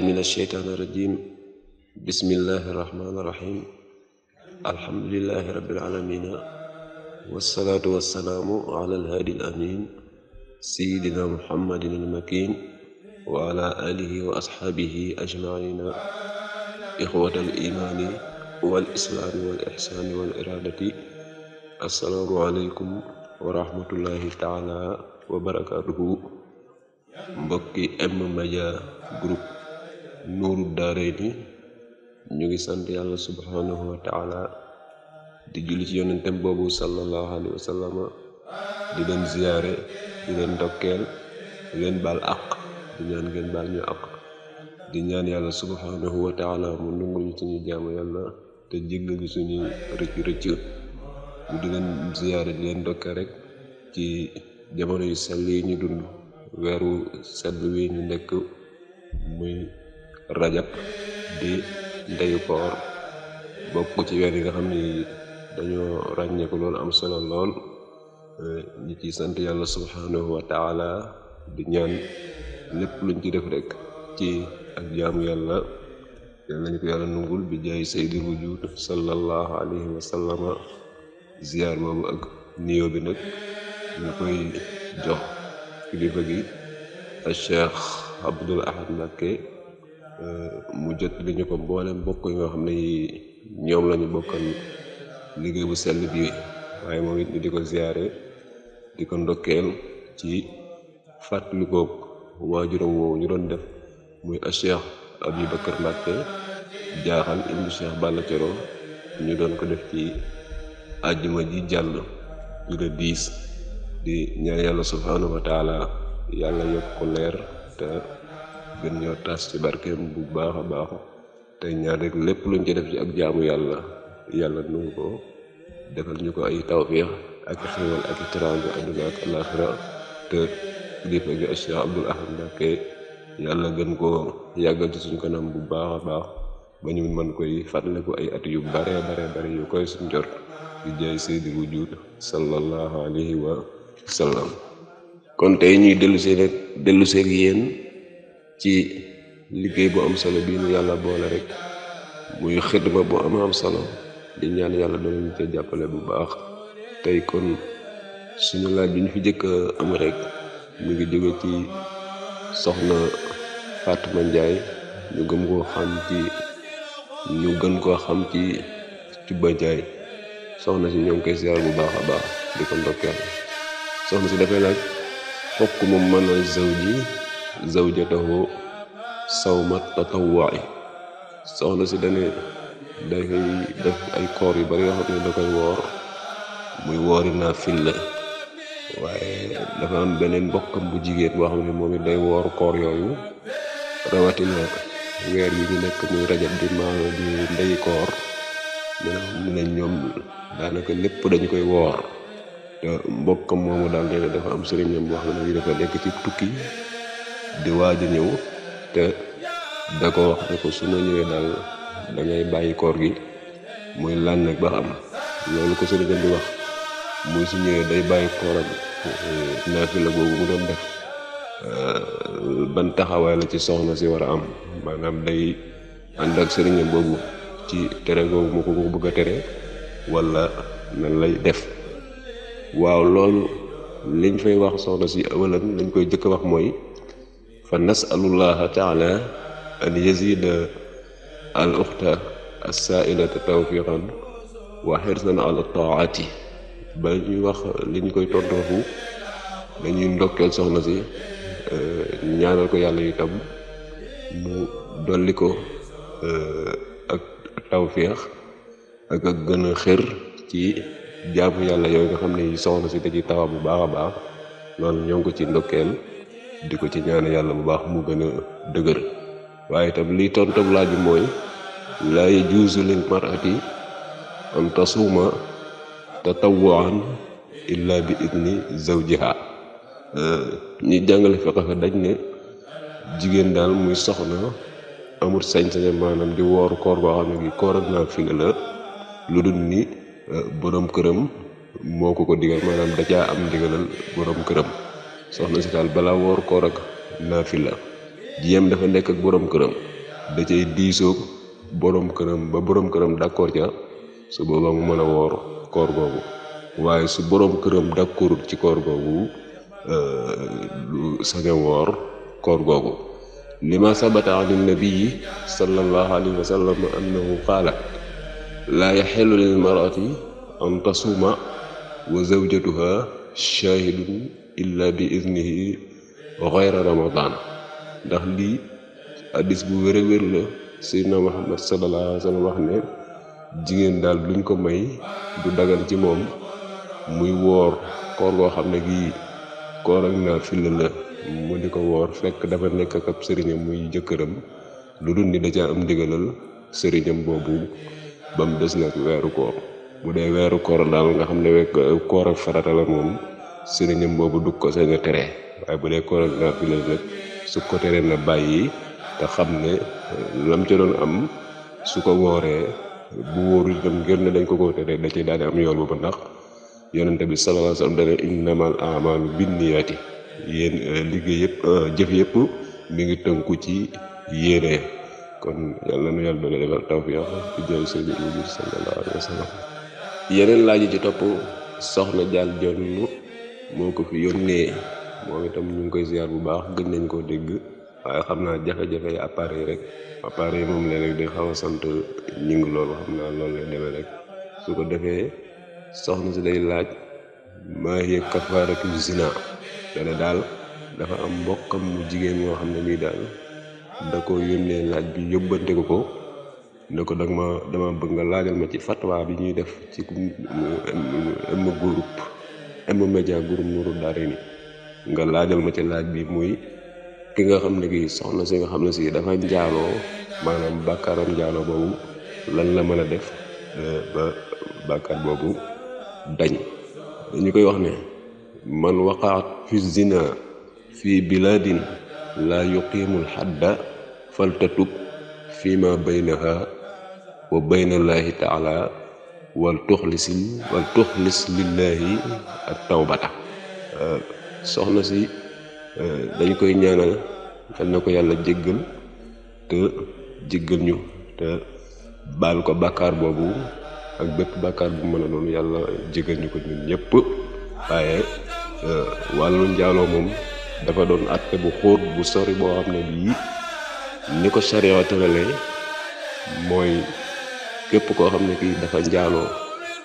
billahi min alsheytaani irrajim bismillahi irrahmani irrahim alhamdulilahi rabbil alamina wassalaatu wassalaamu ala alhaadi alamin sayidina muhammadin almakin wa ala alihi wa ashaabihi ajmaina ixwata alimaani wal islaami wal ixsaani wal iraadati assalaamu aleykum wa rahmatullahi taala wa barakaatuhu mbokki M Media Group nuuru daaray ñu ngi sant yàlla subhanahu wa taala di julli ci yonentem boobu sallallahu alayhi wa sallam di leen ziyaare di leen ndokkeel di leen baal àq di ñaan ngeen baal ñu àq di ñaan yàlla subhanahu wa taala mu nungul ñu suñu jaamu yàlla te jéggal ñu suñu rëcc rëcc ñu di leen ziyaare di leen ndokkeel rek ci jamono yu sell ñu dund weeru sell wi ñu nekk muy rajab di ndeyu koor bokk ci weer yi nga xam ni dañoo ràññeeku loolu am solo lool eh, ñi sant yàlla subhanahu wa taala di ñaan lépp luñ ci def rek ci ak jaamu yàlla yàlla nañu ko yàlla nungul bi jaay sayyidul wujud sallallahu alayhi wa ziyaar boobu ak niyo nag ñu koy jox kilifa gi ak Cheikh Abdoul Ahad Mbacké Euh, mu jot li ñu ko mboolem bokk yi nga xam ne ñoom lañu bokkal liggéey bu sell bi waaye moom it ñu di ko ziyaare di ko ndokkeel ci fàttalikook waajuram woowu ñu doon def muy a Cheikh Aboubacar Mbacké jaaxal ibnu Cheikh Balla Coro ñu doon ko def ci àjjuma ji jàll ju la diis di ñaan yàlla subhanahu wa yàlla yokk leer te gën ñoo taas ci barkeem bu baax a baax tey ñaan rek lépp luñ ci def ci ak jaamu yàlla yàlla nungu ko defal ñu ko ay tawfiix ak xéwal ak teraanga ak alaaxira te kilifa gi Cheikh Abdoul Ahad Mbacké yàlla gën koo yàggal suñ kanam bu baax a baax ba ñu mën koy ko ay at yu bare bare bare yu koy suñ jot di jaay seydi wujud sallallahu alayhi wa sallam kon tey ñuy dellu see rek yéen ci liggéey bu am solo bii nu yàlla boole rek muy xidma bu am am solo di ñaan yàlla doon ci jàppale bu baax tey kon suñu laaj bi ñu fi jëkk am rek mu ngi jóge ci soxna Fatma Ndiaye ñu gëm xam ci ñu gën koo xam ci Cuba Ndiaye soxna si ñoo ngi koy siyaar bu baax a baax di ko ndokkeel soxna si dafay laaj fokk moom mën a zaw ji zawjatahu sawma tatawwu'i soxna si dane day def ay koor yu bari yoo xam ne da koy woor muy woori naafil la waaye dafa am beneen mbokkam bu jigéen boo xam ne moom it day woor koor yooyu rawatina weer yi ñu nekk muy rajab di maalo di ndeyi koor mu ne ñoom daanaka lépp dañ koy woor te mbokkam a daal nee na dafa am sëriñam boo xam ne dafa nekk ci tukki di waaj ñëw te da ko wax ne ko su ma ñëwee daal da bàyyi koor gi muy lan nag ba am loolu ko sëriñam di wax muy su ñëwee day bàyyi kooram eh, naafila la mu doon def eh, ban taxawaay la ci soxna si war a am maanaam day ànd ak sëriñam boobu ci tere boobu mu ko bëgg a tere walla nan lay def waaw loolu liñ fay wax soxna si walla lañ koy jëkk wax mooy fa nasalullaha taala an yazida al uxta assailata tawfiqan wa xirsan ala taati ba ñuy wax liñ koy tontu fu dañuy ndokkeel soxna si euh, ñaanal ko yàlla itam mu dolli ko euh, ak tawféex ak ak gën xër ci jaamu yàlla yooyu nga xam ne soxna si da ci tawa bu baax a baax loolu ñoo ko ci ndokkeel di ko ci ñaan yàlla bu baax mu gën a dëgër waaye itam liy tontoog laaj mooy laa yajuuzu lil mar'ati an tasuuma tatawwuan illa bi idni zawjiha ñi jàngale fiqh fa dañ ne jigéen daal muy soxna amul sañ-sañam maanaam di wooru koor boo xam ne gi koor naa fi la lu dul ni borom këram moo ko ko digal maanaam da am digalal borom këram soxna si daal balaa woor koor ak naafila jiyam dafa nekk ak borom këram da cay diisoog borom këram ba boroom këram d'accord ca su su borom këram d'accordul ci koor googu du euh, saña woor koor googu lima sabata an nabii sallallahu alayhi wa sallam annahu qaala tasuma wa zawjatuha shahidun illa bi iznihi xayra ramadan ndax lii addis bu wér a wér la seydina muhammad sallallahu alayhi wa sallam wax ne jigéen daal luñ ko may du dagal ci moom muy woor koor goo xam ne gi koor ak naa filla la mu di ko woor fekk dafa nekk ak ab sëriñam muy jëkkëram lu dul ni a caa am ndigalal sëriñam boobu ba mu des nag weeru koor mu dee weeru koor daal nga xam ne koor ak moom sëriñam boobu du ko sañ a tere waaye bu dee koral na fi la nag ko teree na bàyyi te xam ne eh, lam am su ko wooree bu wóorul dañ ko ko tere da ci daal am yool boobu ndax yonente bi sallallahu alayhi wasallam dana innamal a'malu binniyati yéen eh, liggéey yëpp eh, jëf yëpp mi ngi tënku ci yéene kon yàlla na nu yàlla doole defal laaj ci topp soxna jaal jonn moo ko fi yónnee moom itam ñu ngi koy ziar bu baax gëj nañ koo dégg waaye xam naa jafe-jafe yi rek appareil moom léeg-léeg day xaw a sant ñu ngi loolu xam naa loolu lay demee rek su ko defee soxna si day laaj maa hiya kafaaratu zina dana daal dafa am mbokkam mu jigéen moo xam ne nii daal da ko yónnee laaj bi yóbbante ko ko ne ko danga ma dama bëgg nga laajal ma ci fatwa bi ñuy def ci ma groupe M-Media groupe yi Darayni nga laajal ma ci laaj bi muy ki nga xam ne kii soxna si nga xam ne si dafa njaaloo maanaam bàkkaaram njaaloo boobu lan la mën a def euh, ba bàkkaar boobu dañ ñu koy wax ne man waqaat fi zina fi biladin laa yuqimul xadda faltatub fi ma baynaha wa bayna allahi taala wal tuxlisin wal tuxlis lillaahi ak tawbata soxna si dañ koy ñaanal xel na ko yàlla jéggal te jéggal ñu te baal ko bàkkaar boobu ak bépp bàkkaar bu mën a doon yàlla jéggal ñu ko ñun ñëpp waaye eh, wàllu njaaloo moom dafa doon àtte bu xóot bu sori boo xam ne bii ni ko sariya tëralee mooy képp koo xam ne kii dafa njaaloo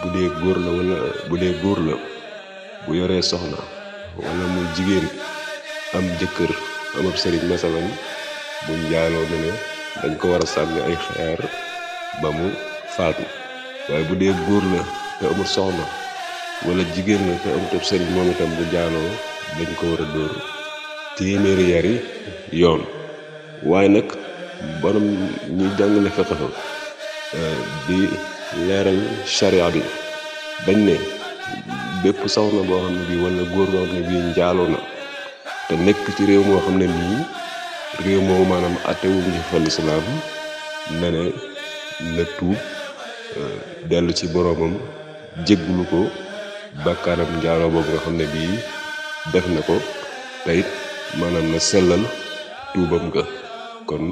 bu dee góor la bu góor la bu yoree soxna wala muy jigéen am jëkkër am ab sëriñ masalan bu njaaloo ne dañ ko war a sànni ay xeer ba mu faatu waaye bu dee góor la te amul soxna wala jigéen la te amut ab moom itam bu njaaloo dañ ko war a dóor téeméeri yari yoon waaye nag borom ñuy jàngale fexe fa di leeral charia bi dañ ne bépp soxna boo xam ne bii wala góor boo xam ne bii njaaloo na te nekk ci réew moo xam ne nii réew moomu maanaam àttewuñu ci fa lislaam ne ne tuub euh, dellu ci boroomam jégglu ko bàkkaaram njaaloo boobu nga xam ne bii def na ko te it maanaam na sellal tuubam nga kon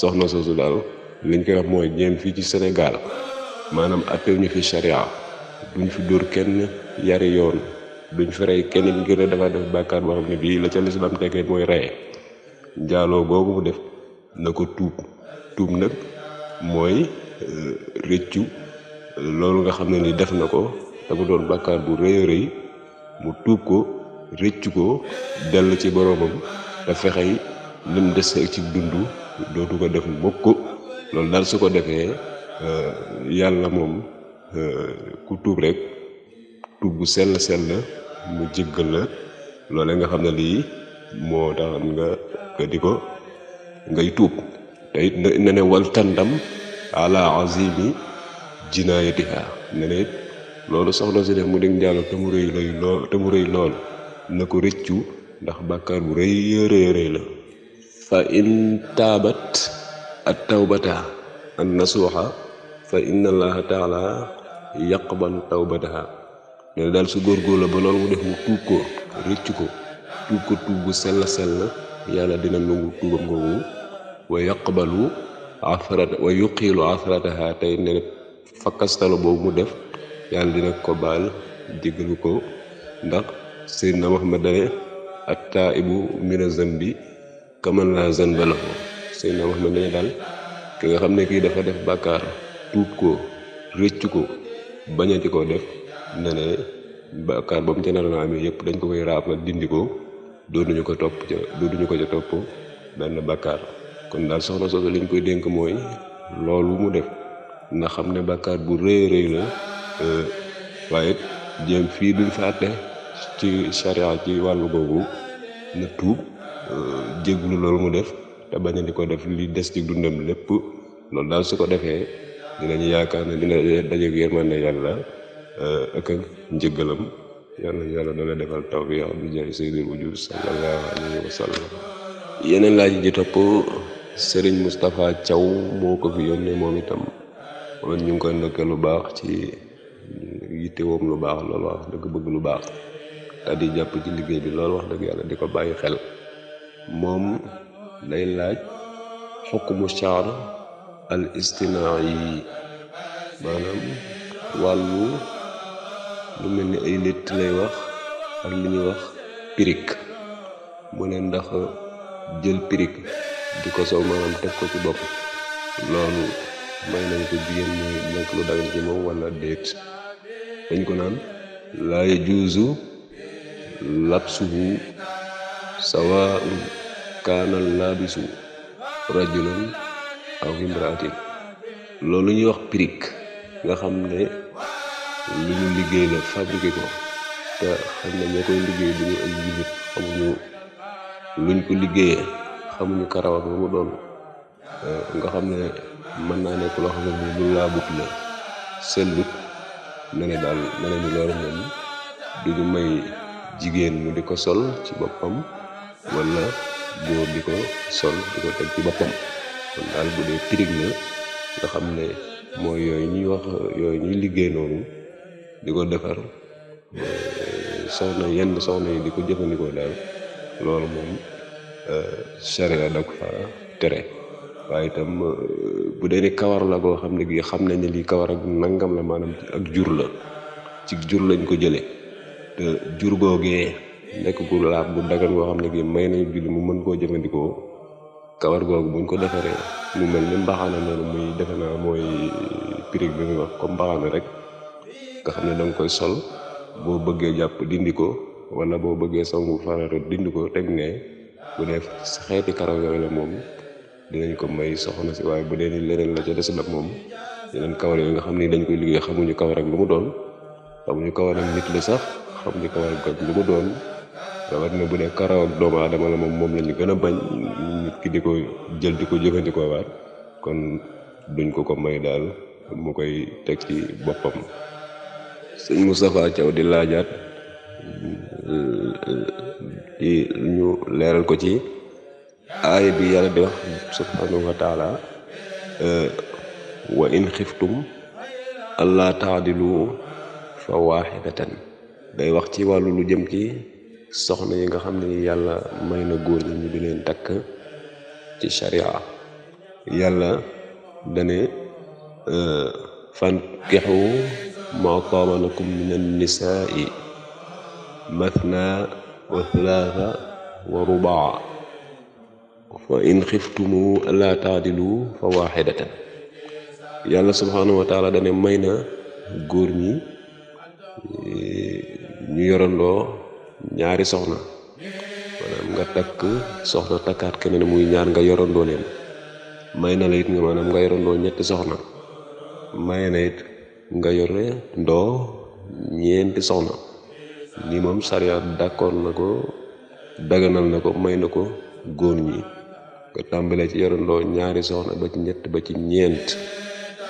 soxna soosu daal li ñu koy wax mooy ñeen fii ci senegal maanaam attew ñu fi charia duñ fi dóor kenn yari yoon duñ fi rey kenn ngir ne dafa def bàkkaar boo xam ne la ca lislaam tekkee mooy reye njaaloo boobu mu def na tuub nag mooy euh, rëccu loolu nga xam ne ni def na ko te mu doon bàkkaar bu rëy rëy mu tuub ko rëccu ko dell ci boroomam te fexey lim des ak ci dund dootu ko def mukk loolu daal su ko defee euh, yàlla moom euh, ku tuub rek tuub bu sell sell mu jéggal la loole nga xam ne lii moo taxan nga di ko ngay tuub te it ne ne wal tandam ala azimi jinaayatiha ne ne it loolu soxna si def mu dégg njàll te mu rëy lool te mu rëy lool na ko rëccu ndax bàkkaar bu rëy rëy rëy la fa in taabat at-tawbata an-nasuha fa inna allaha taala yaqbalu tawbataha nee daal su góorgóor la ba loolu mu def mu tuub ko rëcc ko tuub ko tuub gu sell sell yàlla dina nangu tuubam googu wa yaqbalu afrata wa yuqiilu afrataha tey ne fakkastalo boobu mu def yàlla dina ko baal jéggalu ko ndax seydna Muhammad dane at-taa'ibu mina zambi kaman laa zanba lahu Seydina Muhammad ne daal ki nga xam ne kii dafa def bàkkaar tuub ko rëcc ko bañati ko def na ne bàkkaar ba mu ca amee yëpp dañ ko koy raafal dindi ko dootuñu ko topp ca ko ca topp benn bàkkaar kon daal soxna soosu liñ koy dénk mooy loolu mu def na xam ne bàkkaar bu rëy rëy la euh, waaye jéem fii duñ fa àtte ci charia ci wàllu googu na tuub euh, jégglu loolu mu def te bañ a di ko def li des ci dundam lépp loolu daal su ko defee yaakaar ne dina dajeeg yërmande yàlla eh, ak ak njëggalam yàlla yàlla dala defal tawfiq bi jaay sayyidul wujud sallallahu alayhi wa sallam yeneen laaj ji topp Serigne Moustapha Thiaw moo ko fi yónnee moom itam moom ñu ngi koy ndokkee lu baax ci yittewoom lu baax lool wax dëgg bëgg lu baax te di jàpp ci liggéey bi loolu wax dëgg yàlla di ko bàyyi xel moom lay laaj xukmu shaar al istinaa maanaam wàllu lu mel ni ay létt lay wax ak li ñuy wax pirik mu ne ndax jël pirik di ko sow maanaam teg ko ci bopp loolu may nañ ko jigéen mu nekk lu dagan ci moom wala déet dañ ko naan laa yajuuzu labsuhu sawaa'un kaana laabisu rajulan aw imraatin loolu ñuy wax pirig nga xam ne lu ñu liggéey la fabriqué ko te xam ne ñoo koy liggéey du ñu ay jullit xamuñu luñ ko xamuñu karawat ba mu doon nga xam ne mën naa nekk loo xam ne ni lu laabut la sellut ne ne daal ne ne ni loolu du may jigéen mu di ko sol ci boppam wala ko sol di ko ñuy wax yooyu ñuy liggéey noonu di ko defar soxna yenn soxna yi di ko jëfandikoo daal loolu moom euh, waaye itam euh, bu dee kawar la koo xam ne xam nañ ne lii kawar ak nangam maanaam ak jur la ci jur lañ ko jële te jur googee lekk gu laab gu dagan goo xam ne gi may nañu julli mu mën koo jëfandikoo kawar googu buñ ko defaree mu mel ni mbaxana noonu muy defe naa mooy pirig bi muy wax comme mbaxana rek nga xam ne da koy sol boo bëggee jàpp dindi ko wala boo bëggee songu farata dindi ko teg ne bu dee xeeti karaw yooyu la moom dinañ ko may soxna si waaye bu dee ni leneen la ca des la moom yeneen kawar yooyu nga xam ni dañ koy liggéey xamuñu kawar ak lu mu doon xamuñu kawar ak nit la sax xamuñu kawar ak lu mu doon rawatina bu dee karaw doomu adama la moom moom la ñu gën a bañ nit di ko jël di ko jëfandikoo waat kon duñ ko ko may daal mu koy teg ci boppam sëñ Moustapha Thiaw di laajaat di ñu leeral ko ci aaya bi yàlla di wax subhanahu wa taala wa in xiftum allah taadilu fa waaxidatan day wax ci wàllu lu jëm ki soxna yi nga xam ne yàlla may na góor ñi ñu di leen takk ci sharia yàlla dane euh, fankixu ma taaba lakum min annisaai mathna wa thalatha wa rubaa fa in xiftumu alla taadilu fa waxidatan yàlla subhaanahu wa dane may na góor ñi euh, ñu yorandoo ñaari soxna maanaam nga takk soxna takkaat keneen muy ñaar nga yorandoo leen may na la it nga maanaam nga yorandoo ñetti soxna may na it nga yore ndoo ñeenti soxna ni moom sariya d'accord na ko daganal na ko may na ko góor ñi nga tàmbalee ci yorandoo ñaari soxna ba ci ñett ba ci ñeent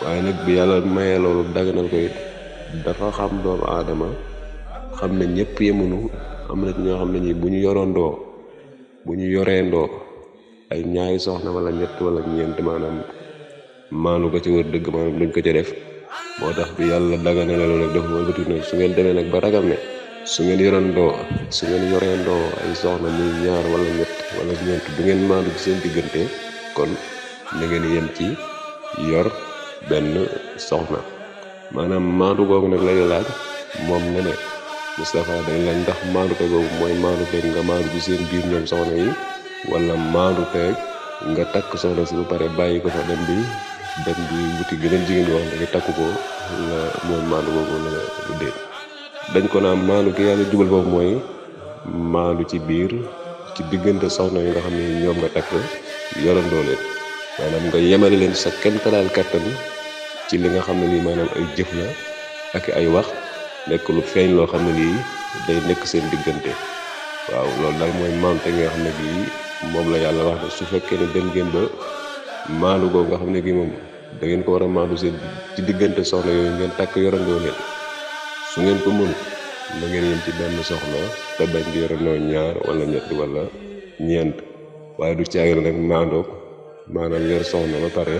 waaye nag bi yàlla mayee loolu daganal ko dafa xam doomu aadama xam ne ñëpp yemunu am na ci ñoo xam ne ñi bu ñu yorondoo bu ñu yoreendoo ay ñaari soxna wala ñett wala ñeent maanaam maanu ko ci wër dëgg maanaam duñ ko ci def moo tax bi yàlla dagana loolu nag dafa wëlbati nag su ngeen demee nag ba ragal ne su ngeen yoroondoo su ngeen yoreendoo ay soxna muy ñaar wala ñett wala ñeent bu ngeen maanu ci seen diggante kon na ngeen ci yor benn soxna maanaam maandu googu nag lay laaj moom ne Moustapha dañ la ndax maandute boobu mooy maandute nga maandu ci seen biir ñoom soxna yi wala maandute nga takk soxna si ba pare bàyyi ko fa dem bi dem bi wuti gëneen jigéen yoo xam ne nga takk ko la mooy maandu yàlla jubal foofu mooy maandu ci biir ci diggante soxna yi nga xam ne ñoom nga takk yorandoo leen maanaam nga yemale leen sa kemtalaal kattan ci li nga xam ne nii maanaam ay jëf la ak ay wax nekk lu feeñ loo xam ne lii day nekk seen diggante waaw loolu daal mooy maante nga xam ne bii moom la yàlla wax ne su fekkee ne dem ngeen ba maandu xam ne gii moom da ngeen ko war a maandu seen ci diggante soxna yooyu ngeen takk yorandoo leen su ngeen ko mën na ngeen ci benn soxna te bañ di yorandoo ñaar wala ñett wala waaye du caagin rek maandoog maanaam yor soxna ba pare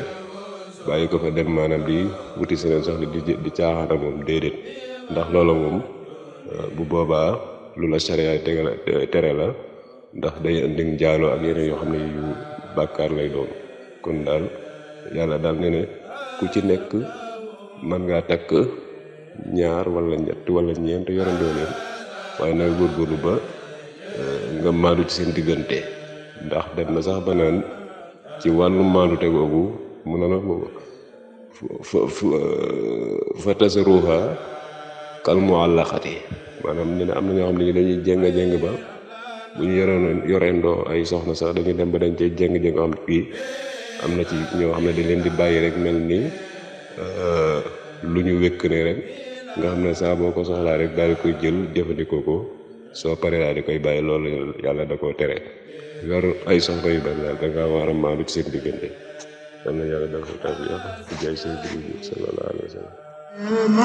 bàyyi ko fa dem maanaam di wuti seen soxna di di caaxaana moom déedéet. ndax loola moom euh, bu boobaa lu la sariya tegal tere la ndax day indi njaaloo ak yeneen yoo xam ne yu bàkkaar lay doon kon daal yàlla daal ne ne ku ci nekk mën ngaa takk ñaar wala ñett wala ñeent yorandoo leen waaye nag góorgóorlu ba euh, nga maandu ci seen diggante ndax dem na sax ba naan ci wàllu maandu te googu mu ne la fa fa fa kal muallaqati maanaam nee na am na ñoo xam ne dañuy jéng jéng ba bu ñu yoroon yoreendoo ay soxna sax dañuy dem ba dañ cee jéng jéng am kii am na ci ñoo xam ne leen di bàyyi rek mel ni euh, lu ñu wékk ne rek nga xam ne saa boo ko soxlaa rek daal di koy jël jëfandikoo ko soo paree daal di koy bàyyi loolu yàlla da koo tere yor ay soxla yu bari daal war a maandu ci seen diggante yal na yàlla dafa tax yàlla jaay seen dugub ji sallallahu alayhi Hallelujah.